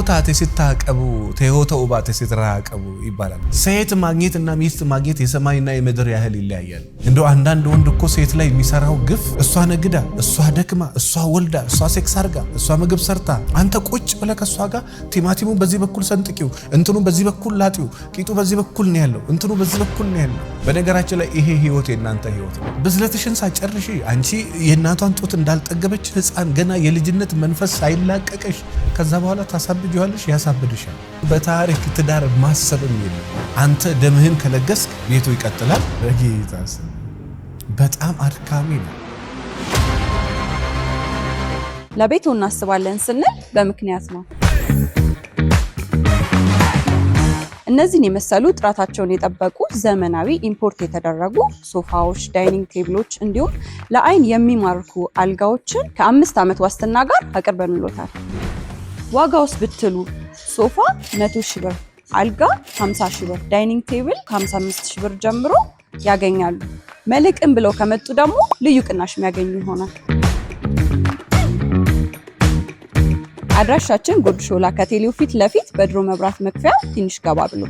ሆታቴ ስታቀቡ ቴሆተ ኡባቴ ስትራቀቡ ይባላል። ሴት ማግኘትና ሚስት ማግኘት የሰማይና የምድር ያህል ይለያያል። እንደው አንዳንድ ወንድ እኮ ሴት ላይ የሚሰራው ግፍ እሷ ነግዳ፣ እሷ ደክማ፣ እሷ ወልዳ፣ እሷ ሴክስ አርጋ፣ እሷ ምግብ ሰርታ፣ አንተ ቁጭ ብለ ከእሷ ጋር ቲማቲሙ በዚህ በኩል ሰንጥቂው፣ እንትኑ በዚህ በኩል ላጢው፣ ቂጡ በዚህ በኩል ነው ያለው፣ እንትኑ በዚህ በኩል ነው ያለው። በነገራችን ላይ ይሄ ህይወት የእናንተ ህይወት ነው። ብስለትሽን ሳጨርሽ አንቺ የእናቷን ጡት እንዳልጠገበች ህፃን ገና የልጅነት መንፈስ ሳይላቀቀሽ ከዛ በኋላ ታሳብ ትወጂዋለሽ፣ ያሳብድሻል። በታሪክ ትዳር ማሰብም የለም። አንተ ደምህን ከለገስክ ቤቱ ይቀጥላል። በጌታ በጣም አድካሚ ነው። ለቤቱ እናስባለን ስንል በምክንያት ነው። እነዚህን የመሰሉ ጥራታቸውን የጠበቁ ዘመናዊ ኢምፖርት የተደረጉ ሶፋዎች፣ ዳይኒንግ ቴብሎች እንዲሁም ለአይን የሚማርኩ አልጋዎችን ከአምስት ዓመት ዋስትና ጋር አቅርበንሎታል። ዋጋ ውስጥ ብትሉ ሶፋ 100 ሺ ብር፣ አልጋ 50 ሺ ብር፣ ዳይኒንግ ቴብል ከ55 ሺ ብር ጀምሮ ያገኛሉ። መልሕቅን ብለው ከመጡ ደግሞ ልዩ ቅናሽ የሚያገኙ ይሆናል። አድራሻችን ጉርድ ሾላ ከቴሌው ፊት ለፊት በድሮ መብራት መክፈያ ትንሽ ገባ ብሎ፣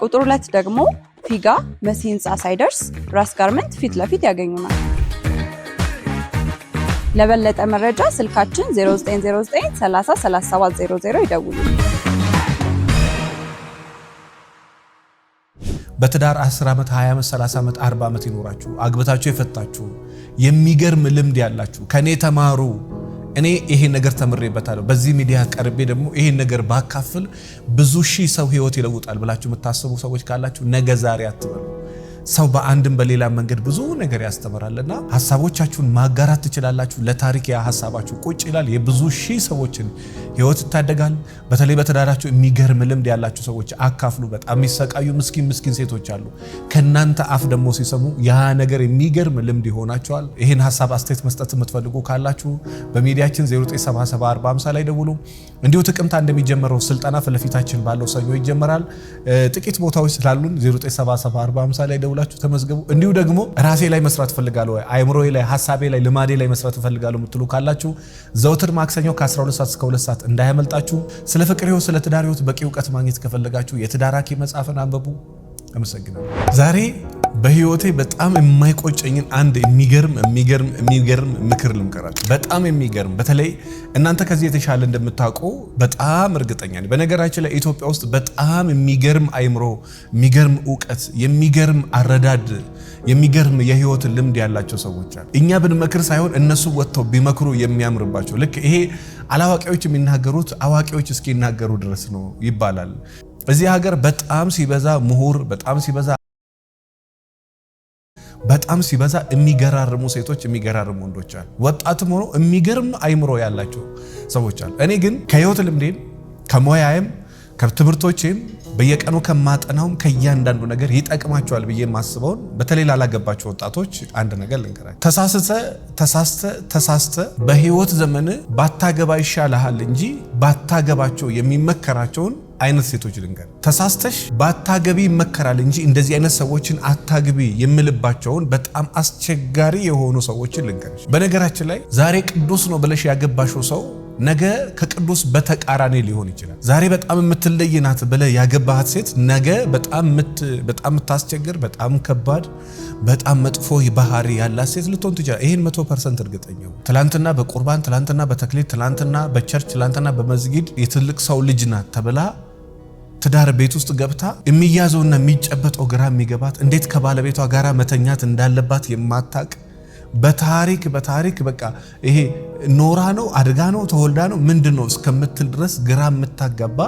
ቁጥር ሁለት ደግሞ ፊጋ መሲ ህንፃ ሳይደርስ ራስ ጋርመንት ፊት ለፊት ያገኙናል። ለበለጠ መረጃ ስልካችን 0909 30 ይደውሉ። በትዳር 10 ዓመት 20 ዓመት 30 ዓመት 40 ዓመት ይኖራችሁ አግብታችሁ የፈታችሁ የሚገርም ልምድ ያላችሁ ከኔ ተማሩ። እኔ ይሄን ነገር ተምሬበታለሁ፣ በዚህ ሚዲያ ቀርቤ ደግሞ ይሄን ነገር ባካፍል ብዙ ሺህ ሰው ህይወት ይለውጣል ብላችሁ የምታስቡ ሰዎች ካላችሁ ነገ ዛሬ አትበሉ። ሰው በአንድም በሌላ መንገድ ብዙ ነገር ያስተምራልና ሀሳቦቻችሁን ማጋራት ትችላላችሁ። ለታሪክ ያ ሀሳባችሁ ቁጭ ይላል። የብዙ ሺህ ሰዎችን ህይወት ይታደጋል። በተለይ በትዳራችሁ የሚገርም ልምድ ያላችሁ ሰዎች አካፍሉ። በጣም የሚሰቃዩ ምስኪን ምስኪን ሴቶች አሉ። ከእናንተ አፍ ደግሞ ሲሰሙ ያ ነገር የሚገርም ልምድ ይሆናቸዋል። ይህን ሀሳብ አስተያየት መስጠት የምትፈልጉ ካላችሁ በሚዲያችን 097745 ላይ ደውሉ። እንዲሁ ጥቅምታ እንደሚጀመረው ስልጠና ለፊታችን ባለው ሰኞ ይጀመራል። ጥቂት ቦታዎች ስላሉን 0974 ላይ ደውሉ። ብላችሁ ተመዝገቡ። እንዲሁ ደግሞ ራሴ ላይ መስራት እፈልጋለሁ፣ አይምሮዬ ላይ፣ ሀሳቤ ላይ፣ ልማዴ ላይ መስራት እፈልጋለሁ የምትሉ ካላችሁ ዘውትር ማክሰኞ ከ12 ሰዓት እስከ 2 ሰዓት እንዳያመልጣችሁ። ስለ ፍቅር ህይወት፣ ስለ ትዳር ህይወት በቂ እውቀት ማግኘት ከፈለጋችሁ የትዳር ሐኪም መጽሐፍን አንበቡ። አመሰግናለሁ። ዛሬ በህይወቴ በጣም የማይቆጨኝን አንድ የሚገርም የሚገርም የሚገርም ምክር ልምከራችሁ። በጣም የሚገርም በተለይ እናንተ ከዚህ የተሻለ እንደምታውቁ በጣም እርግጠኛ ነኝ። በነገራችን ላይ ኢትዮጵያ ውስጥ በጣም የሚገርም አይምሮ፣ የሚገርም እውቀት፣ የሚገርም አረዳድ፣ የሚገርም የህይወት ልምድ ያላቸው ሰዎች አሉ። እኛ ብንመክር ሳይሆን እነሱ ወጥተው ቢመክሩ የሚያምርባቸው ልክ ይሄ አላዋቂዎች የሚናገሩት አዋቂዎች እስኪናገሩ ድረስ ነው ይባላል። እዚህ ሀገር በጣም ሲበዛ ምሁር፣ በጣም ሲበዛ በጣም ሲበዛ የሚገራርሙ ሴቶች፣ የሚገራርሙ ወንዶች አሉ። ወጣትም ሆኖ የሚገርም አይምሮ ያላቸው ሰዎች አሉ። እኔ ግን ከህይወት ልምዴም ከሞያዬም ከትምህርቶቼም በየቀኑ ከማጠናውም ከእያንዳንዱ ነገር ይጠቅማቸዋል ብዬ የማስበውን በተለይ ላላገባቸው ወጣቶች አንድ ነገር ልንገራቸው። ተሳስተ ተሳስተ ተሳስተ በህይወት ዘመን ባታገባ ይሻልሃል እንጂ ባታገባቸው የሚመከራቸውን አይነት ሴቶች ልንገር፣ ተሳስተሽ በአታገቢ ይመከራል እንጂ እንደዚህ አይነት ሰዎችን አታግቢ የምልባቸውን በጣም አስቸጋሪ የሆኑ ሰዎችን ልንገርሽ። በነገራችን ላይ ዛሬ ቅዱስ ነው ብለሽ ያገባሽው ሰው ነገ ከቅዱስ በተቃራኒ ሊሆን ይችላል። ዛሬ በጣም የምትለይ ናት ብለህ ያገባሃት ሴት ነገ በጣም የምታስቸግር፣ በጣም ከባድ፣ በጣም መጥፎ ባህሪ ያላት ሴት ልትሆን ትችላል። ይህን መቶ ፐርሰንት እርግጠኛ ትላንትና በቁርባን ትላንትና በተክሊት ትላንትና በቸርች ትላንትና በመዝጊድ የትልቅ ሰው ልጅ ናት ተብላ ትዳር ቤት ውስጥ ገብታ የሚያዘውና የሚጨበጠው ግራ የሚገባት እንዴት ከባለቤቷ ጋር መተኛት እንዳለባት የማታቅ በታሪክ በታሪክ በቃ ይሄ ኖራ ነው አድጋ ነው ተወልዳ ነው ምንድን ነው እስከምትል ድረስ ግራ የምታጋባ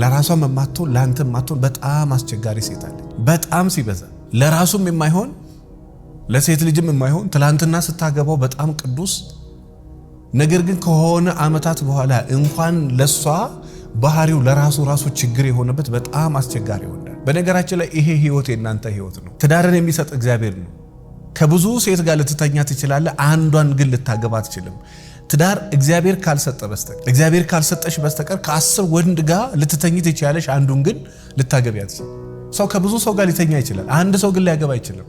ለራሷም የማትሆን ለአንተ የማትሆን በጣም አስቸጋሪ ሴት በጣም ሲበዛ ለራሱም የማይሆን ለሴት ልጅም የማይሆን ትላንትና ስታገባው በጣም ቅዱስ ነገር ግን ከሆነ ዓመታት በኋላ እንኳን ለሷ ባህሪው ለራሱ ራሱ ችግር የሆነበት በጣም አስቸጋሪ ይሆናል። በነገራችን ላይ ይሄ ህይወት የእናንተ ህይወት ነው። ትዳርን የሚሰጥ እግዚአብሔር ነው። ከብዙ ሴት ጋር ልትተኛ ትችላለህ፣ አንዷን ግን ልታገባ አትችልም። ትዳር እግዚአብሔር ካልሰጠ በስተቀር እግዚአብሔር ካልሰጠሽ በስተቀር ከአስር ወንድ ጋር ልትተኝ ትችላለሽ፣ አንዱን ግን ልታገቢ አትችል። ሰው ከብዙ ሰው ጋር ሊተኛ ይችላል፣ አንድ ሰው ግን ሊያገባ አይችልም።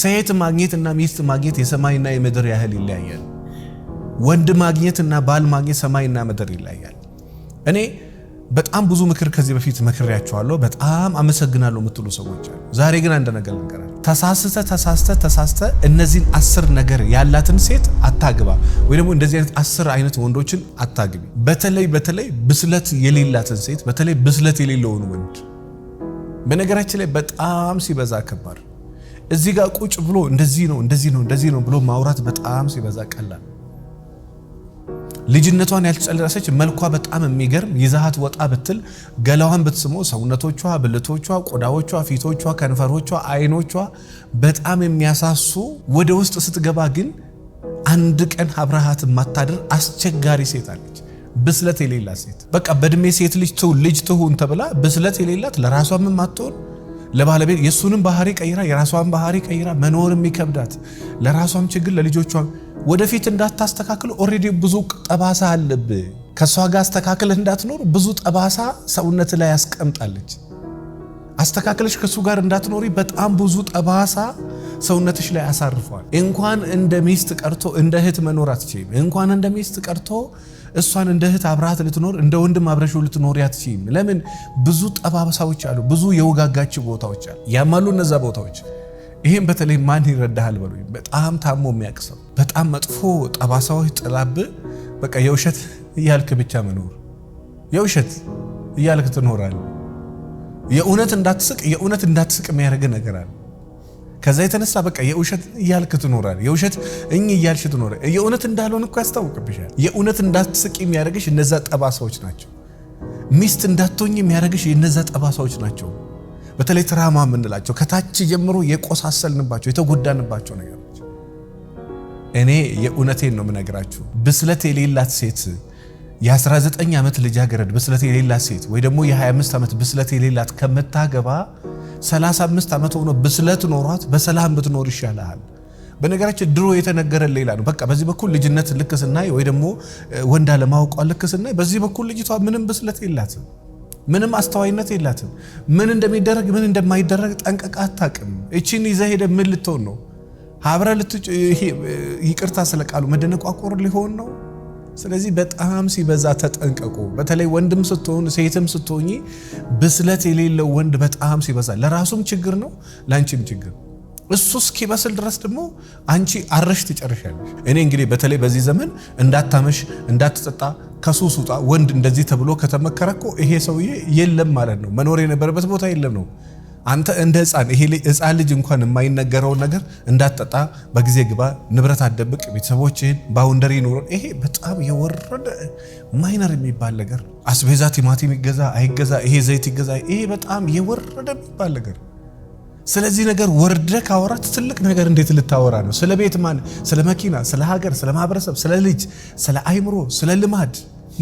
ሴት ማግኘትና ሚስት ማግኘት የሰማይና የምድር ያህል ይለያያል። ወንድ ማግኘትና ባል ማግኘት ሰማይና ምድር ይለያያል። እኔ በጣም ብዙ ምክር ከዚህ በፊት መክሬያቸዋለሁ። በጣም አመሰግናለሁ የምትሉ ሰዎች አሉ። ዛሬ ግን አንድ ነገር ልንገራል። ተሳስተ ተሳስተ ተሳስተ እነዚህን አስር ነገር ያላትን ሴት አታግባ፣ ወይ ደግሞ እንደዚህ አይነት አስር አይነት ወንዶችን አታግቢ። በተለይ በተለይ ብስለት የሌላትን ሴት፣ በተለይ ብስለት የሌለውን ወንድ። በነገራችን ላይ በጣም ሲበዛ ከባድ። እዚህ ጋር ቁጭ ብሎ እንደዚህ ነው እንደዚህ ነው እንደዚህ ነው ብሎ ማውራት በጣም ሲበዛ ቀላል ልጅነቷን ያልጨረሰች መልኳ በጣም የሚገርም ይዛሃት ወጣ ብትል ገላዋን ብትስሞ ሰውነቶቿ፣ ብልቶቿ፣ ቆዳዎቿ፣ ፊቶቿ፣ ከንፈሮቿ፣ አይኖቿ በጣም የሚያሳሱ ወደ ውስጥ ስትገባ ግን አንድ ቀን አብረሃት ማታደር አስቸጋሪ ሴት አለች። ብስለት የሌላት ሴት በቃ በእድሜ ሴት ልጅ ልጅ ትሁን ተብላ ብስለት የሌላት ለራሷም ማትሆን ለባለቤት የእሱንም ባህሪ ቀይራ የራሷን ባህሪ ቀይራ መኖር የሚከብዳት ለራሷም ችግር ለልጆቿም ወደፊት እንዳታስተካክል ኦልሬዲ ብዙ ጠባሳ አለብ። ከእሷ ጋር አስተካክል እንዳትኖር ብዙ ጠባሳ ሰውነት ላይ ያስቀምጣለች። አስተካክለሽ ከእሱ ጋር እንዳትኖሪ በጣም ብዙ ጠባሳ ሰውነትሽ ላይ አሳርፏል። እንኳን እንደ ሚስት ቀርቶ እንደ እህት መኖር አትችይም። እንኳን እንደ ሚስት ቀርቶ እሷን እንደ እህት አብረሃት ልትኖር እንደ ወንድም አብረሽው ልትኖር ያትችም። ለምን ብዙ ጠባብሳዎች አሉ፣ ብዙ የወጋጋች ቦታዎች አሉ፣ ያማሉ እነዛ ቦታዎች። ይህም በተለይ ማን ይረዳሃል በሉ። በጣም ታሞ የሚያቅሰው በጣም መጥፎ ጠባሳዎች ጥላብ በቃ የውሸት እያልክ ብቻ መኖር የውሸት እያልክ ትኖራል። የእውነት እንዳትስቅ የእውነት እንዳትስቅ የሚያደርግ ነገር አለ። ከዛ የተነሳ በቃ የውሸት እያልክ ትኖራል። የውሸት እኝ እያልሽ ትኖራል። የእውነት እንዳልሆን እኮ ያስታውቅብሻል። የእውነት እንዳትስቅ የሚያደርግሽ እነዛ ጠባሳዎች ናቸው። ሚስት እንዳትሆኝ የሚያደርግሽ እነዛ ጠባሳዎች ናቸው። በተለይ ትራማ የምንላቸው ከታች ጀምሮ የቆሳሰልንባቸው የተጎዳንባቸው ነገሮች። እኔ የእውነቴን ነው የምነግራችሁ። ብስለት የሌላት ሴት የ19 ዓመት ልጃገረድ ብስለት የሌላት ሴት ወይ ደግሞ የ25 ዓመት ብስለት የሌላት ከምታገባ 35 ዓመት ሆኖ ብስለት ኖሯት በሰላም ብትኖር ይሻላል። በነገራችን ድሮ የተነገረ ሌላ ነው። በቃ በዚህ በኩል ልጅነት ልክ ስናይ ወይ ደግሞ ወንዳ ለማውቋ ልክ ስናይ፣ በዚህ በኩል ልጅቷ ምንም ብስለት የላትም፣ ምንም አስተዋይነት የላትም። ምን እንደሚደረግ ምን እንደማይደረግ ጠንቀቃ አታውቅም። እቺን ይዛ ሄደ ምን ልትሆን ነው? ሀብረ ይቅርታ ስለቃሉ ቃሉ ሊሆን ነው ስለዚህ በጣም ሲበዛ ተጠንቀቁ። በተለይ ወንድም ስትሆን ሴትም ስትሆኝ ብስለት የሌለው ወንድ በጣም ሲበዛ ለራሱም ችግር ነው፣ ለአንቺም ችግር እሱ እስኪበስል ድረስ ደግሞ አንቺ አረሽ ትጨርሻለሽ። እኔ እንግዲህ በተለይ በዚህ ዘመን እንዳታመሽ፣ እንዳትጠጣ፣ ከሱስ ውጣ ወንድ እንደዚህ ተብሎ ከተመከረ እኮ ይሄ ሰውዬ የለም ማለት ነው። መኖር የነበረበት ቦታ የለም ነው አንተ እንደ ህፃን ይሄ ህፃን ልጅ እንኳን የማይነገረውን ነገር እንዳትጠጣ፣ በጊዜ ግባ፣ ንብረት አደብቅ ቤተሰቦችህን ባውንደሪ ኑሮ። ይሄ በጣም የወረደ ማይነር የሚባል ነገር አስቤዛ ቲማቲም ይገዛ አይገዛ፣ ይሄ ዘይት ይገዛ፣ ይሄ በጣም የወረደ የሚባል ነገር። ስለዚህ ነገር ወርደ ካወራት ትልቅ ነገር እንዴት ልታወራ ነው? ስለ ቤት ማን፣ ስለ መኪና፣ ስለ ሀገር፣ ስለ ማህበረሰብ፣ ስለ ልጅ፣ ስለ አይምሮ፣ ስለ ልማድ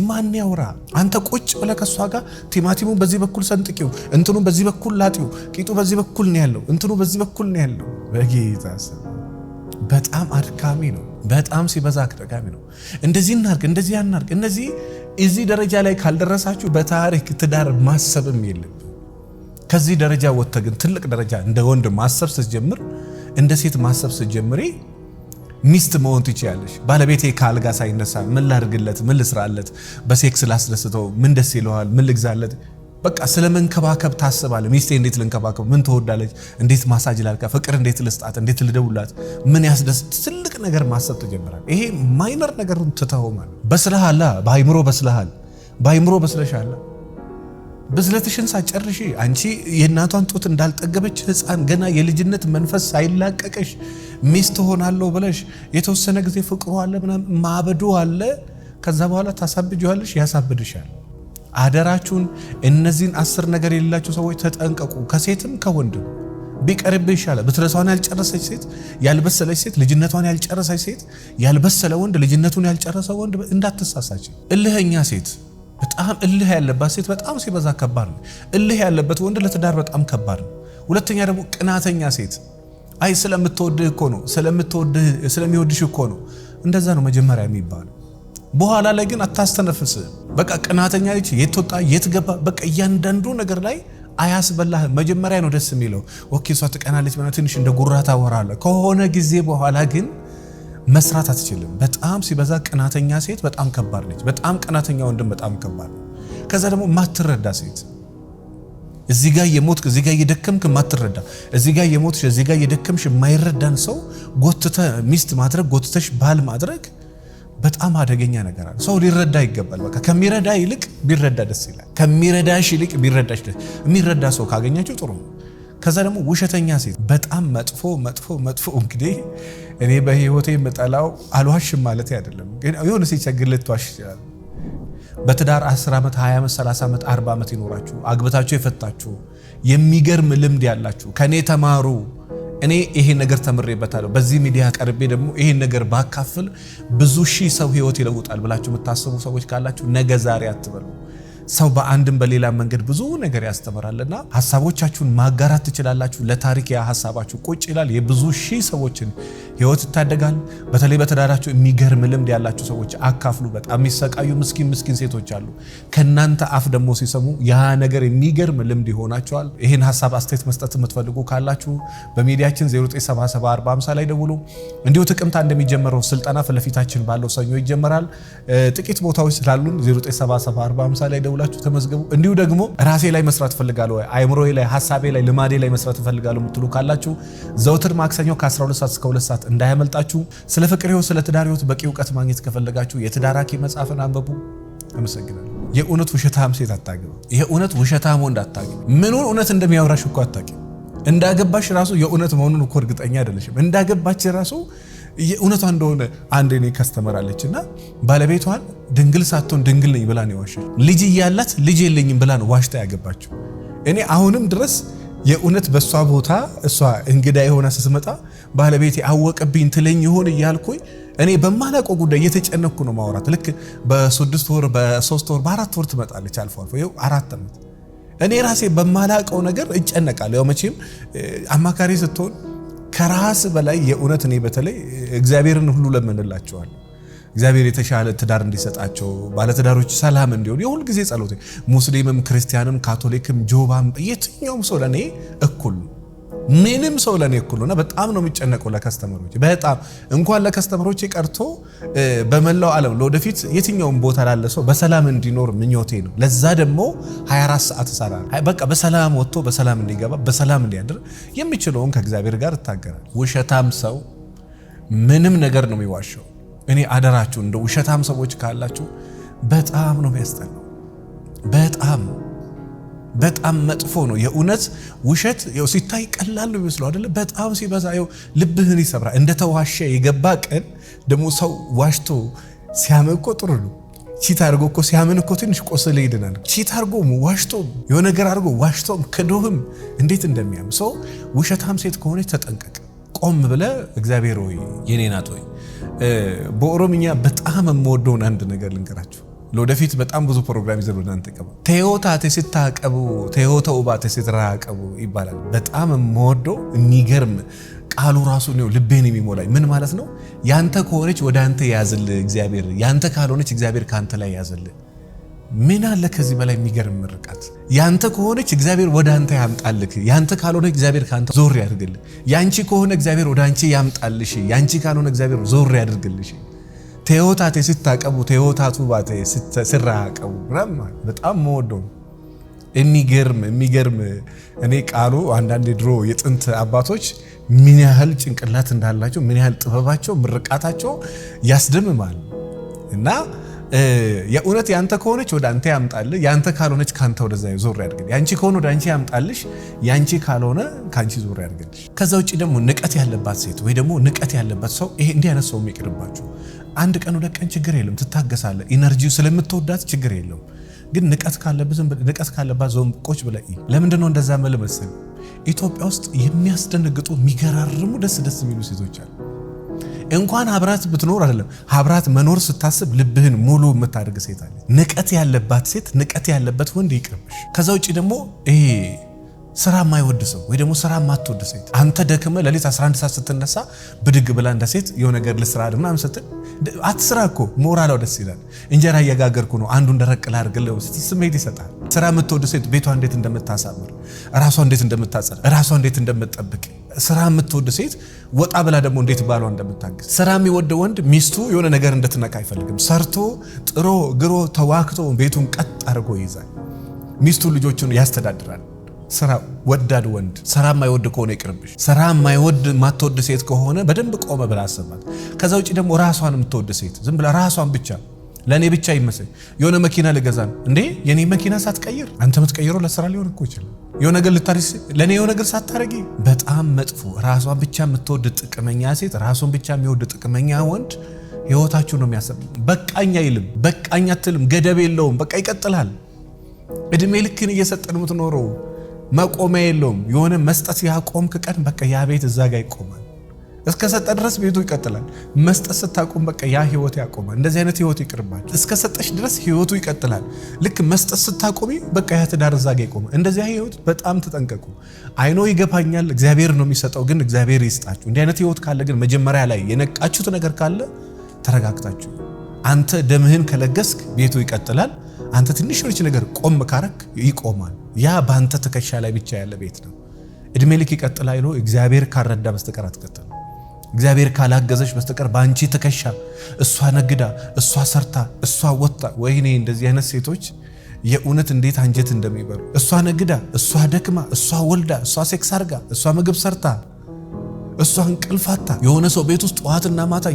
ማን ያውራ? አንተ ቁጭ ብለህ ከእሷ ጋር ቲማቲሙ በዚህ በኩል ሰንጥቂው፣ እንትኑ በዚህ በኩል ላጢው፣ ቂጡ በዚህ በኩል ነው ያለው፣ እንትኑ በዚህ በኩል ነው ያለው። በጌታ ስም በጣም አድካሚ ነው። በጣም ሲበዛ አድካሚ ነው። እንደዚህ እናርግ፣ እንደዚህ ያናርግ፣ እነዚህ እዚህ ደረጃ ላይ ካልደረሳችሁ በታሪክ ትዳር ማሰብም የለም። ከዚህ ደረጃ ወጥተህ ግን ትልቅ ደረጃ እንደ ወንድ ማሰብ ስትጀምር፣ እንደ ሴት ማሰብ ስትጀምሪ ሚስት መሆን ትችያለሽ። ባለቤቴ ከአልጋ ሳይነሳ ምን ላድርግለት? ምን ልስራለት? በሴክስ ላስደስተው? ምን ደስ ይለዋል? ምን ልግዛለት? በቃ ስለ መንከባከብ ታስባለ። ሚስቴ እንዴት ልንከባከብ? ምን ትወዳለች? እንዴት ማሳጅ ላልካ? ፍቅር እንዴት ልስጣት? እንዴት ልደውላት? ምን ያስደስት? ትልቅ ነገር ማሰብ ትጀምራል። ይሄ ማይነር ነገሩን ትተውማል። በስለሃላ በአይምሮ በስለሃል፣ በአይምሮ በስለሻላ ብስለትሽን ሳጨርሽ አንቺ የእናቷን ጡት እንዳልጠገበች ሕፃን ገና የልጅነት መንፈስ ሳይላቀቅሽ ሚስት ሆናለሁ ብለሽ የተወሰነ ጊዜ ፍቅሩ አለ ምናምን ማበዱ አለ። ከዛ በኋላ ታሳብጅዋለሽ፣ ያሳብድሻል። አደራችሁን እነዚህን አስር ነገር የሌላቸው ሰዎች ተጠንቀቁ፣ ከሴትም ከወንድም ቢቀርብ ይሻላል። ብትረሷን ያልጨረሰች ሴት፣ ያልበሰለች ሴት፣ ልጅነቷን ያልጨረሰች ሴት፣ ያልበሰለ ወንድ፣ ልጅነቱን ያልጨረሰ ወንድ እንዳትሳሳች። እልህኛ ሴት በጣም እልህ ያለባት ሴት በጣም ሲበዛ ከባድ ነው። እልህ ያለበት ወንድ ለትዳር በጣም ከባድ ነው። ሁለተኛ ደግሞ ቅናተኛ ሴት አይ ስለምትወድህ እኮ ነው ስለምትወድህ ስለሚወድሽ እኮ ነው። እንደዛ ነው መጀመሪያ የሚባል በኋላ ላይ ግን አታስተነፍስ። በቃ ቅናተኛ ልጅ የት ወጣ የት ገባ፣ በቃ እያንዳንዱ ነገር ላይ አያስበላህም። መጀመሪያ ነው ደስ የሚለው። ኦኬ እሷ ትቀናለች፣ ትንሽ እንደ ጉራ ታወራለህ። ከሆነ ጊዜ በኋላ ግን መስራት አትችልም። በጣም ሲበዛ ቅናተኛ ሴት በጣም ከባድ ነች። በጣም ቅናተኛ ወንድም በጣም ከባድ ነው። ከዛ ደግሞ ማትረዳ ሴት እዚህ ጋር የሞትክ እዚህ ጋር የደከምክ ማትረዳ እዚህ ጋር የሞትሽ እዚህ ጋር የደከምሽ የማይረዳን ሰው ጎትተ ሚስት ማድረግ ጎትተሽ ባል ማድረግ በጣም አደገኛ ነገር አለ። ሰው ሊረዳ ይገባል። በቃ ከሚረዳ ይልቅ ቢረዳ ደስ ይላል። ከሚረዳሽ ይልቅ ቢረዳሽ ደስ የሚረዳ ሰው ካገኛችሁ ጥሩ ነው። ከዛ ደግሞ ውሸተኛ ሴት በጣም መጥፎ መጥፎ መጥፎ። እንግዲህ እኔ በህይወቴ የምጠላው አልዋሽም ማለት አይደለም፣ ግን የሆነ ሲቸግር ልትዋሽ ይችላል። በትዳር 10 ዓመት 20 ዓመት 30 ዓመት 40 ዓመት ይኖራችሁ አግብታችሁ የፈታችሁ የሚገርም ልምድ ያላችሁ ከእኔ ተማሩ። እኔ ይሄን ነገር ተምሬበታለሁ፣ በዚህ ሚዲያ ቀርቤ ደግሞ ይሄን ነገር ባካፍል ብዙ ሺህ ሰው ህይወት ይለውጣል ብላችሁ የምታስቡ ሰዎች ካላችሁ ነገ ዛሬ አትበሉ። ሰው በአንድም በሌላ መንገድ ብዙ ነገር ያስተምራልና ሀሳቦቻችሁን ማጋራት ትችላላችሁ። ለታሪክ ያ ሀሳባችሁ ቁጭ ይላል። የብዙ ሺህ ሰዎችን ህይወት ይታደጋል። በተለይ በተዳራችሁ የሚገርም ልምድ ያላችሁ ሰዎች አካፍሉ። በጣም የሚሰቃዩ ምስኪን ምስኪን ሴቶች አሉ። ከእናንተ አፍ ደግሞ ሲሰሙ ያ ነገር የሚገርም ልምድ ይሆናቸዋል። ይህን ሀሳብ አስተያየት መስጠት የምትፈልጉ ካላችሁ በሚዲያችን 097745 ላይ ደውሉ። እንዲሁ ጥቅምታ እንደሚጀመረው ስልጠና ፊት ባለው ሰኞ ይጀመራል። ጥቂት ቦታዎች ስላሉን 0974 ላይ ደውሉ። ደውላችሁ ተመዝገቡ። እንዲሁ ደግሞ ራሴ ላይ መስራት እፈልጋለሁ፣ አይምሮዬ ላይ፣ ሀሳቤ ላይ፣ ልማዴ ላይ መስራት እፈልጋለሁ የምትሉ ካላችሁ ዘውትር ማክሰኞ ከ12 ሰዓት እስከ 2 ሰዓት እንዳያመልጣችሁ። ስለ ፍቅር ህይወት፣ ስለ ትዳር ህይወት በቂ እውቀት ማግኘት ከፈለጋችሁ የትዳራኪ መጽሐፍን አንበቡ። አመሰግናለሁ። የእውነት ውሸታም ሴት አታግባ። ይሄ እውነት ውሸታም ወንድ አታግባ። ምኑን እውነት እንደሚያወራሽ እኮ አታውቂም። እንዳገባሽ ራሱ የእውነት መሆኑን እኮ እርግጠኛ አይደለሽም። እንዳገባች ራሱ እውነቷ እንደሆነ አንድ እኔ ከስተመር አለች እና ባለቤቷን ድንግል ሳትሆን ድንግል ነኝ ብላ ነው የዋሸች። ልጅ እያላት ልጅ የለኝም ብላ ነው ዋሽታ ያገባችው። እኔ አሁንም ድረስ የእውነት በእሷ ቦታ እሷ እንግዳ የሆነ ስትመጣ ባለቤት አወቀብኝ ትለኝ ይሆን እያልኩኝ እኔ በማላውቀው ጉዳይ እየተጨነኩ ነው ማውራት። ልክ በስድስት ወር በሶስት ወር በአራት ወር ትመጣለች አልፎ አልፎ አራት ዓመት እኔ ራሴ በማላውቀው ነገር እጨነቃለሁ። ያው መቼም አማካሪ ስትሆን ከራስ በላይ የእውነት እኔ በተለይ እግዚአብሔርን ሁሉ ለምንላቸዋል። እግዚአብሔር የተሻለ ትዳር እንዲሰጣቸው፣ ባለትዳሮች ሰላም እንዲሆን የሁል ጊዜ ጸሎቴ ሙስሊምም ክርስቲያንም ካቶሊክም ጆባም የትኛውም ሰው ለእኔ እኩል ነው። ምንም ሰው ለእኔ እኩል ነው። በጣም ነው የሚጨነቀው ለከስተመሮች በጣም እንኳን ለከስተመሮች ቀርቶ በመላው ዓለም ለወደፊት የትኛውም ቦታ ላለ ሰው በሰላም እንዲኖር ምኞቴ ነው። ለዛ ደግሞ 24 ሰዓት ሰራ በቃ በሰላም ወጥቶ በሰላም እንዲገባ በሰላም እንዲያድር የሚችለውን ከእግዚአብሔር ጋር እታገራል። ውሸታም ሰው ምንም ነገር ነው የሚዋሸው። እኔ አደራችሁ እንደ ውሸታም ሰዎች ካላችሁ በጣም ነው የሚያስጠላው በጣም በጣም መጥፎ ነው። የእውነት ውሸት ሲታይ ቀላል ነው ይመስለው አይደለ? በጣም ሲበዛ ልብህን ይሰብራል። እንደተዋሸ የገባ ቀን ደግሞ ሰው ዋሽቶ ሲያምን እኮ ጥሩ ነው። ቺት አድርጎ እኮ ሲያምን እኮ ትንሽ ቆስለ ይድናል። ቺት አድርጎ ዋሽቶ የሆነ ነገር አድርጎ ዋሽቶም ክዶህም እንዴት እንደሚያም ሰው ውሸታም ሴት ከሆነች ተጠንቀቅ። ቆም ብለ እግዚአብሔር ሆይ የኔ ናት ወይ። በኦሮምኛ በጣም የምወደውን አንድ ነገር ልንገራቸው ለወደፊት በጣም ብዙ ፕሮግራም ይዘን ወደ እናንተ ይቀርባል። ቴዮታ ስታቀቡ ቴዮተ ይባላል። በጣም የምወደው የሚገርም ቃሉ ራሱ ነው ልቤን የሚሞላኝ። ምን ማለት ነው? ያንተ ከሆነች ወደ አንተ ያዝል እግዚአብሔር፣ ያንተ ካልሆነች እግዚአብሔር ከአንተ ላይ ያዝል። ምን አለ ከዚህ በላይ የሚገርም ምርቃት? ያንተ ከሆነች እግዚአብሔር ወደ አንተ ያምጣልክ፣ ያንተ ካልሆነ እግዚአብሔር ከአንተ ዞር ያድርግልህ። ያንቺ ከሆነ እግዚአብሔር ወደ አንቺ ያምጣልሽ፣ ያንቺ ካልሆነ እግዚአብሔር ዞር ያድርግልሽ። ቴዎታቴ ስታቀቡ ቴዎታቱ ባቴ ስራቀቡ በጣም መወደው የሚገርም የሚገርም እኔ ቃሉ አንዳንድ ድሮ የጥንት አባቶች ምን ያህል ጭንቅላት እንዳላቸው ምን ያህል ጥበባቸው ምርቃታቸው ያስደምማል። እና የእውነት ያንተ ከሆነች ወደ አንተ ያምጣልህ፣ ያንተ ካልሆነች ከአንተ ወደዛ ዞር ያድርግልህ። ያንቺ ከሆነ ወደ አንቺ ያምጣልሽ፣ ያንቺ ካልሆነ ከአንቺ ዞር ያድርግልሽ። ከዛ ውጭ ደግሞ ንቀት ያለባት ሴት ወይ ደግሞ ንቀት ያለባት ሰው ይሄ እንዲህ አይነት ሰው የሚቅርባችሁ አንድ ቀን ሁለት ቀን ችግር የለም ትታገሳለህ። ኢነርጂው ስለምትወዳት ችግር የለም። ግን ንቀት ካለብህ ንቀት ካለባት ዞን ቁጭ ብለህ ለምንድን ነው እንደዛ የምልህ ኢትዮጵያ ውስጥ የሚያስደነግጡ የሚገራርሙ ደስ ደስ የሚሉ ሴቶች አሉ። እንኳን ሀብራት ብትኖር አይደለም ሀብራት መኖር ስታስብ ልብህን ሙሉ የምታደርግ ሴት አለ። ንቀት ያለባት ሴት፣ ንቀት ያለበት ወንድ ይቅርብሽ። ከዛ ውጭ ደግሞ ይሄ ስራ የማይወድ ሰው ወይ ደግሞ ስራ የማትወድ ሴት አንተ ደክመ ለሌት 11 ሰዓት ስትነሳ ብድግ ብላ እንደ ሴት የሆነ ነገር ልስራ ምናምን ስትል አትስራ እኮ ሞራላው ደስ ይላል። እንጀራ እያጋገርኩ ነው አንዱን ደረቅ ላድርግልህ ስሜት ይሰጣል። ስራ የምትወድ ሴት ቤቷ እንዴት እንደምታሳምር፣ ራሷ እንዴት እንደምታጸር ራሷ እንዴት እንደምትጠብቅ፣ ስራ የምትወድ ሴት ወጣ ብላ ደግሞ እንዴት ባሏ እንደምታግዝ። ስራ የሚወድ ወንድ ሚስቱ የሆነ ነገር እንድትነካ አይፈልግም። ሰርቶ ጥሮ ግሮ ተዋክቶ ቤቱን ቀጥ አድርጎ ይይዛል። ሚስቱ ልጆቹን ያስተዳድራል። ስራ ወዳድ ወንድ ስራ የማይወድ ከሆነ ይቅርብሽ። ስራ የማይወድ ማትወድ ሴት ከሆነ በደንብ ቆመ ብላ አሰባት። ከዛ ውጭ ደግሞ ራሷን የምትወድ ሴት ዝም ብላ ራሷን ብቻ ለእኔ ብቻ ይመስል የሆነ መኪና ልገዛ ነው እንዴ የኔ መኪና ሳትቀይር አንተ የምትቀይረው ለስራ ሊሆን እኮ ይችላል። የሆነ ነገር ልታሪስ ለእኔ የሆነ ነገር ሳታረጊ በጣም መጥፎ ራሷን ብቻ የምትወድ ጥቅመኛ ሴት፣ ራሷን ብቻ የሚወድ ጥቅመኛ ወንድ ህይወታችሁ ነው የሚያሰብ። በቃኝ አይልም፣ በቃኝ አትልም፣ ገደብ የለውም። በቃ ይቀጥላል። እድሜ ልክን እየሰጠን የምትኖረው መቆሚያ የለውም። የሆነ መስጠት ያቆምክ ቀን በቃ ያ ቤት እዛ ጋር ይቆማል። እስከ ሰጠ ድረስ ቤቱ ይቀጥላል። መስጠት ስታቆም በቃ ያ ህይወት ያቆማል። እንደዚህ አይነት ህይወት ይቅርባል። እስከ ሰጠሽ ድረስ ህይወቱ ይቀጥላል። ልክ መስጠት ስታቆሚ በቃ ያ ትዳር እዛ ጋር ይቆማል። እንደዚያ ህይወት በጣም ተጠንቀቁ። አይኖ ይገባኛል፣ እግዚአብሔር ነው የሚሰጠው። ግን እግዚአብሔር ይስጣችሁ። እንዲህ አይነት ህይወት ካለ ግን መጀመሪያ ላይ የነቃችሁት ነገር ካለ ተረጋግታችሁ አንተ ደምህን ከለገስክ ቤቱ ይቀጥላል። አንተ ትንሽ ነገር ቆም ካረክ ይቆማል። ያ በአንተ ትከሻ ላይ ብቻ ያለ ቤት ነው። እድሜ ልክ ይቀጥል አይሎ እግዚአብሔር ካልረዳ በስተቀር አትቀጥል። እግዚአብሔር ካላገዘሽ በስተቀር በአንቺ ትከሻ እሷ ነግዳ፣ እሷ ሰርታ፣ እሷ ወጥታ። ወይኔ እንደዚህ አይነት ሴቶች የእውነት እንዴት አንጀት እንደሚበሉ እሷ ነግዳ፣ እሷ ደክማ፣ እሷ ወልዳ፣ እሷ ሴክስ አርጋ፣ እሷ ምግብ ሰርታ፣ እሷ እንቅልፋታ የሆነ ሰው ቤት ውስጥ ጠዋትና ማታ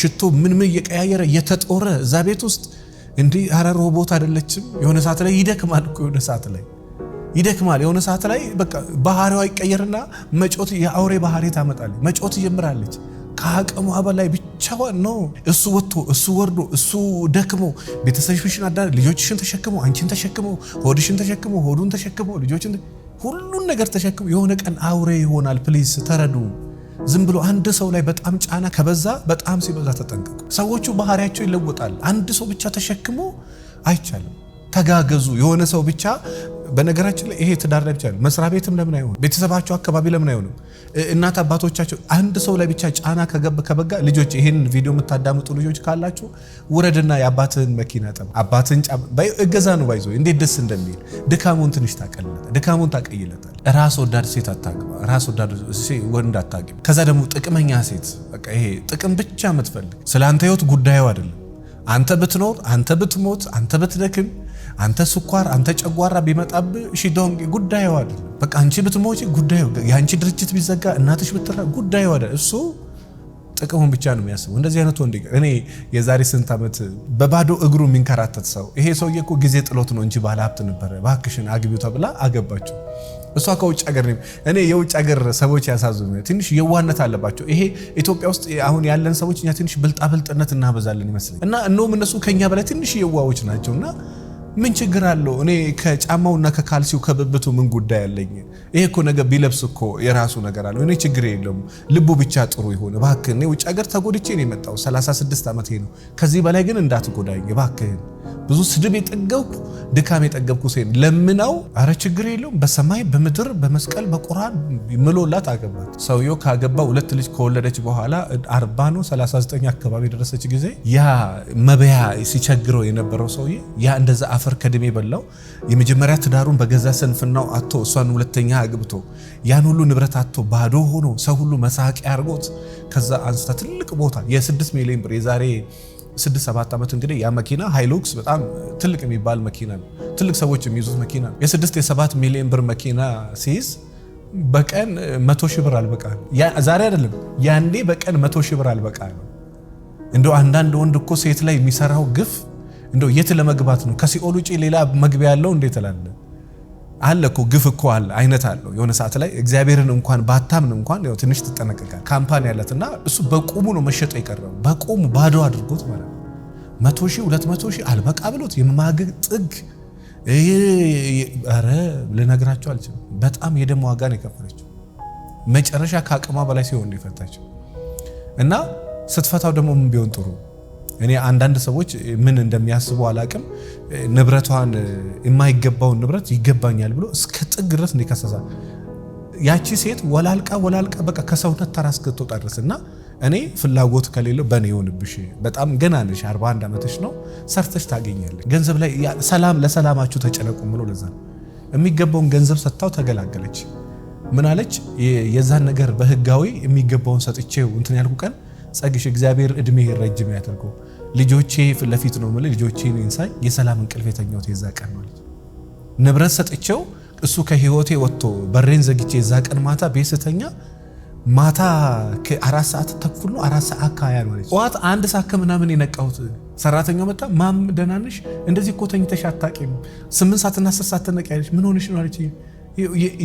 ሽቶ ምን ምን እየቀያየረ እየተጦረ እዛ ቤት ውስጥ እንዲህ አረ ሮቦት አይደለችም። የሆነ ሰዓት ላይ ይደክማል እኮ የሆነ ሰዓት ላይ ይደክማል። የሆነ ሰዓት ላይ በቃ ባህሪዋ ይቀየርና መጮት የአውሬ ባህሪ ታመጣለች። መጮት ትጀምራለች። ከአቅሟ በላይ ብቻዋን ነው። እሱ ወጥቶ እሱ ወርዶ እሱ ደክሞ ቤተሰብሽን አዳ ልጆችሽን ተሸክሞ አንቺን ተሸክሞ ሆድሽን ተሸክሞ ሆዱን ተሸክሞ ልጆችን ሁሉን ነገር ተሸክሞ የሆነ ቀን አውሬ ይሆናል። ፕሊዝ ተረዱ። ዝም ብሎ አንድ ሰው ላይ በጣም ጫና ከበዛ በጣም ሲበዛ ተጠንቀቁ። ሰዎቹ ባህሪያቸው ይለወጣል። አንድ ሰው ብቻ ተሸክሞ አይቻልም። ተጋገዙ። የሆነ ሰው ብቻ በነገራችን ላይ ይሄ ትዳር ላይ ብቻ ነው። መስሪያ ቤትም ለምን አይሆንም? ቤተሰባቸው አካባቢ ለምን አይሆንም? እናት አባቶቻቸው አንድ ሰው ላይ ብቻ ጫና ከገብ ከበጋ ልጆች፣ ይሄን ቪዲዮ የምታዳምጡ ልጆች ካላችሁ ውረድና የአባትህን መኪና ጠብ አባትህን እገዛ ነው ባይዞ እንዴት ደስ እንደሚል ድካሙን ትንሽ ታቀልለታል፣ ድካሙን ታቀይለታል። ራስ ወዳድ ሴት አታግባ፣ ራስ ወዳድ ወንድ አታግባ። ከዛ ደግሞ ጥቅመኛ ሴት በቃ ይሄ ጥቅም ብቻ የምትፈልግ ስለ አንተ ህይወት ጉዳዩ አይደለም። አንተ ብትኖር፣ አንተ ብትሞት፣ አንተ ብትደክም አንተ ስኳር፣ አንተ ጨጓራ ቢመጣብ ሺዶንግ ጉዳዩ አይደለም። በቃ አንቺ ብትሞጪ ጉዳዩ፣ የአንቺ ድርጅት ቢዘጋ፣ እናትሽ ብትራ ጉዳዩ አይደለም። እሱ ጥቅሙን ብቻ ነው የሚያስበው። እንደዚህ አይነት ወንድ እኔ የዛሬ ስንት ዓመት በባዶ እግሩ የሚንከራተት ሰው ይሄ ሰውዬ እኮ ጊዜ ጥሎት ነው እንጂ ባለ ሀብት ነበረ። እባክሽን አግቢው ተብላ አገባቸው። እሷ ከውጭ ሀገር እኔ የውጭ ሀገር ሰዎች ያሳዙ ትንሽ የዋነት አለባቸው። ይሄ ኢትዮጵያ ውስጥ አሁን ያለን ሰዎች እኛ ትንሽ ብልጣብልጥነት እናበዛለን ይመስለኝ እና እነውም እነሱ ከኛ በላይ ትንሽ የዋዎች ናቸው እና ምን ችግር አለው? እኔ ከጫማውና ከካልሲው ከብብቱ ምን ጉዳይ አለኝ? ይሄ እኮ ነገር ቢለብስ እኮ የራሱ ነገር አለው። እኔ ችግር የለውም፣ ልቡ ብቻ ጥሩ ይሆን። እባክህ እኔ ውጭ ሀገር ተጎድቼ ነው የመጣው 36 ዓመቴ ነው። ከዚህ በላይ ግን እንዳትጎዳኝ እባክህን ብዙ ስድብ የጠገብኩ ድካም የጠገብኩ ሴ ለምነው፣ አረ ችግር የለውም በሰማይ በምድር በመስቀል በቁራን ምሎላት አገባት። ሰውየው ካገባ ሁለት ልጅ ከወለደች በኋላ አርባ ነው 39 አካባቢ የደረሰች ጊዜ ያ መበያ ሲቸግረው የነበረው ሰውዬ ያ እንደዛ አፈር ከድሜ በላው። የመጀመሪያ ትዳሩን በገዛ ስንፍናው አቶ እሷን ሁለተኛ አግብቶ ያን ሁሉ ንብረት አቶ ባዶ ሆኖ ሰው ሁሉ መሳቂያ አርጎት ከዛ አንስታ ትልቅ ቦታ የ6 ሚሊዮን ብር የዛሬ ስድስት ሰባት ዓመት እንግዲህ ያ መኪና ሃይሉክስ በጣም ትልቅ የሚባል መኪና ነው። ትልቅ ሰዎች የሚይዙት መኪና ነው። የስድስት የሰባት ሚሊዮን ብር መኪና ሲይዝ በቀን መቶ ሺህ ብር አልበቃ ዛሬ አይደለም ያንዴ በቀን መቶ ሺህ ብር አልበቃ ነው። እንደ አንዳንድ ወንድ እኮ ሴት ላይ የሚሰራው ግፍ እንደው የት ለመግባት ነው? ከሲኦል ውጪ ሌላ መግቢያ ያለው እንዴት እላለን አለ እኮ ግፍ እኮ አለ አይነት አለው። የሆነ ሰዓት ላይ እግዚአብሔርን እንኳን ባታምን እንኳን ያው ትንሽ ትጠነቀቃል። ካምፓኒ ያለት እና እሱ በቁሙ ነው መሸጠ የቀረው በቁሙ ባዶ አድርጎት ማለት ነው። መቶ ሺህ ሁለት መቶ ሺህ አልበቃ ብሎት የማግ ጥግ ረ ልነግራቸው አልችልም። በጣም የደም ዋጋ ነው የከፈለችው። መጨረሻ ከአቅሟ በላይ ሲሆን ነው የፈታችው እና ስትፈታው ደግሞ ምን ቢሆን ጥሩ እኔ አንዳንድ ሰዎች ምን እንደሚያስቡ አላቅም። ንብረቷን የማይገባውን ንብረት ይገባኛል ብሎ እስከ ጥግ ድረስ እንዲከሰሳ ያቺ ሴት ወላልቃ ወላልቃ በቃ ከሰውነት ተራ እስክትወጣ ድረስ እና እኔ ፍላጎት ከሌለው በእኔ ይሆንብሽ፣ በጣም ገና ነሽ፣ 41 ዓመትሽ ነው፣ ሰርተሽ ታገኛለሽ። ገንዘብ ላይ ሰላም ለሰላማችሁ ተጨነቁ ብሎ ለዛ የሚገባውን ገንዘብ ሰጥታው ተገላገለች። ምን አለች? የዛን ነገር በህጋዊ የሚገባውን ሰጥቼው እንትን ያልኩ ቀን ጸግሽ እግዚአብሔር እድሜ ረጅም ያደርገው ልጆቼ ፊት ለፊት ነው የምልህ ልጆቼን እንሳይ የሰላም እንቅልፍ የተኛሁት የዛ ቀን ማለት ንብረት ሰጥቼው እሱ ከህይወቴ ወጥቶ በሬን ዘግቼ የዛ ቀን ማታ ቤት ስተኛ ማታ ከአራት ሰዓት ተኩል ነው አራት ሰዓት ነው ማለት ጠዋት አንድ ሰዓት ከምናምን የነቃሁት ሰራተኛው መጣ ማም ደህና ነሽ እንደዚህ እኮ ተኝተሽ አታውቂም ስምንት ሰዓትና አስር ሰዓት ተነቂያለሽ ምን ሆነሽ ነው አለች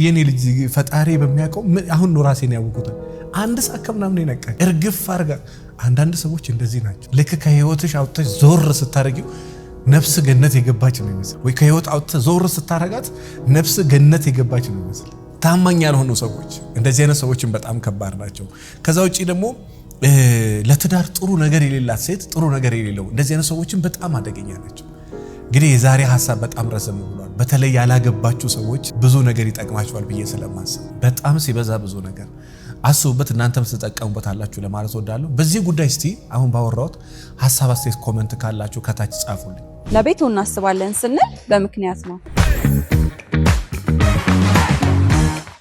የኔ ልጅ ፈጣሪ በሚያውቀው አሁን ነው ራሴን ያወቁት አንድ ሰዓት ከምናምን የነቃ እርግፍ አርጋ አንዳንድ ሰዎች እንደዚህ ናቸው። ልክ ከህይወትሽ አውጥተሽ ዞር ስታደርጊው ነፍስ ገነት የገባች ነው ይመስል ወይ ከህይወት አውጥተሽ ዞር ስታረጋት ነፍስ ገነት የገባች ነው ይመስል ታማኝ ያልሆኑ ሰዎች እንደዚህ አይነት ሰዎችን በጣም ከባድ ናቸው። ከዛ ውጭ ደግሞ ለትዳር ጥሩ ነገር የሌላት ሴት ጥሩ ነገር የሌለው እንደዚህ አይነት ሰዎችን በጣም አደገኛ ናቸው። እንግዲህ የዛሬ ሀሳብ በጣም ረዘም ብሏል። በተለይ ያላገባችሁ ሰዎች ብዙ ነገር ይጠቅማችኋል ብዬ ስለማስብ በጣም ሲበዛ ብዙ ነገር አስቡበት፣ እናንተም ትጠቀሙበት አላችሁ ለማለት ወዳለሁ። በዚህ ጉዳይ እስቲ አሁን ባወራሁት ሀሳብ አስተያየት፣ ኮመንት ካላችሁ ከታች ጻፉልኝ። ለቤቱ እናስባለን ስንል በምክንያት ነው።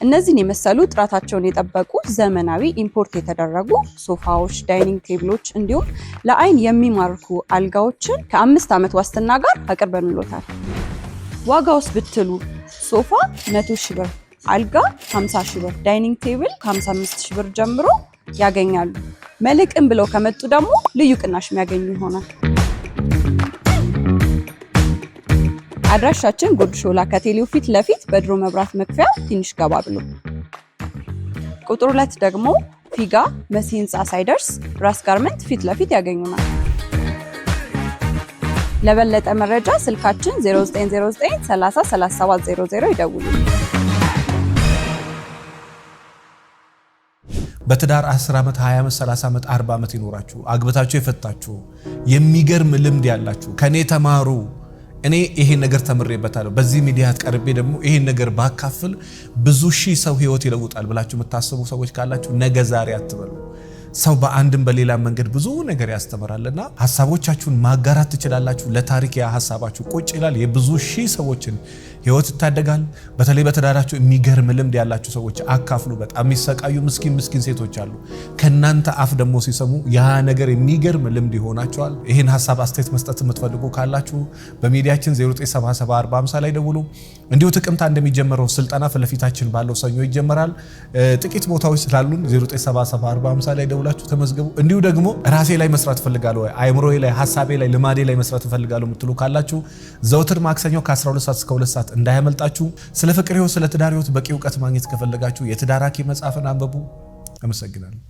እነዚህን የመሰሉ ጥራታቸውን የጠበቁ ዘመናዊ ኢምፖርት የተደረጉ ሶፋዎች፣ ዳይኒንግ ቴብሎች እንዲሁም ለአይን የሚማርኩ አልጋዎችን ከአምስት ዓመት ዋስትና ጋር አቅርበንሎታል። ዋጋውስ ብትሉ ሶፋ መቶ ሺህ ብር አልጋ 50 ሺህ ብር፣ ዳይኒንግ ቴብል ከ55 ሺህ ብር ጀምሮ ያገኛሉ። መልሕቅን ብለው ከመጡ ደግሞ ልዩ ቅናሽ የሚያገኙ ይሆናል። አድራሻችን ጉርድ ሾላ ከቴሌው ፊት ለፊት በድሮ መብራት መክፈያ ትንሽ ገባ ብሎ ቁጥር ሁለት ደግሞ ፊጋ መሲ ህንፃ ሳይደርስ ራስ ጋርመንት ፊት ለፊት ያገኙናል። ለበለጠ መረጃ ስልካችን 0909 30 00 ይደውሉ። በትዳር 10 ዓመት 20 ዓመት 30 ዓመት 40 ዓመት ይኖራችሁ አግብታችሁ የፈታችሁ የሚገርም ልምድ ያላችሁ ከኔ ተማሩ። እኔ ይሄን ነገር ተምሬበታለሁ፣ በዚህ ሚዲያ ቀርቤ ደግሞ ይሄን ነገር ባካፍል ብዙ ሺህ ሰው ህይወት ይለውጣል ብላችሁ የምታስቡ ሰዎች ካላችሁ ነገ ዛሬ አትበሉ። ሰው በአንድም በሌላ መንገድ ብዙ ነገር ያስተምራልና ሀሳቦቻችሁን ማጋራት ትችላላችሁ። ለታሪክ ያ ሀሳባችሁ ቁጭ ይላል። የብዙ ሺህ ሰዎችን ህይወት ይታደጋል። በተለይ በትዳራችሁ የሚገርም ልምድ ያላችሁ ሰዎች አካፍሉ። በጣም የሚሰቃዩ ምስኪን ምስኪን ሴቶች አሉ። ከእናንተ አፍ ደግሞ ሲሰሙ ያ ነገር የሚገርም ልምድ ይሆናቸዋል። ይህን ሀሳብ አስተያየት መስጠት የምትፈልጉ ካላችሁ በሚዲያችን 097745 ላይ ደውሉ። እንዲሁ ጥቅምታ እንደሚጀመረው ስልጠና ፊት ለፊታችን ባለው ሰኞ ይጀመራል። ጥቂት ቦታዎች ስላሉን 0974 ላይ ደውሉ። ብላችሁ ተመዝገቡ። እንዲሁ ደግሞ ራሴ ላይ መስራት ፈልጋለሁ፣ አይምሮዬ ላይ፣ ሀሳቤ ላይ፣ ልማዴ ላይ መስራት ፈልጋለሁ የምትሉ ካላችሁ ዘውትር ማክሰኞ ከ12 ሰዓት እስከ 2 ሰዓት እንዳያመልጣችሁ። ስለ ፍቅር ህይወት፣ ስለ ትዳር ህይወት በቂ እውቀት ማግኘት ከፈለጋችሁ የትዳር ሐኪም መጽሐፍን አንብቡ። አመሰግናለሁ።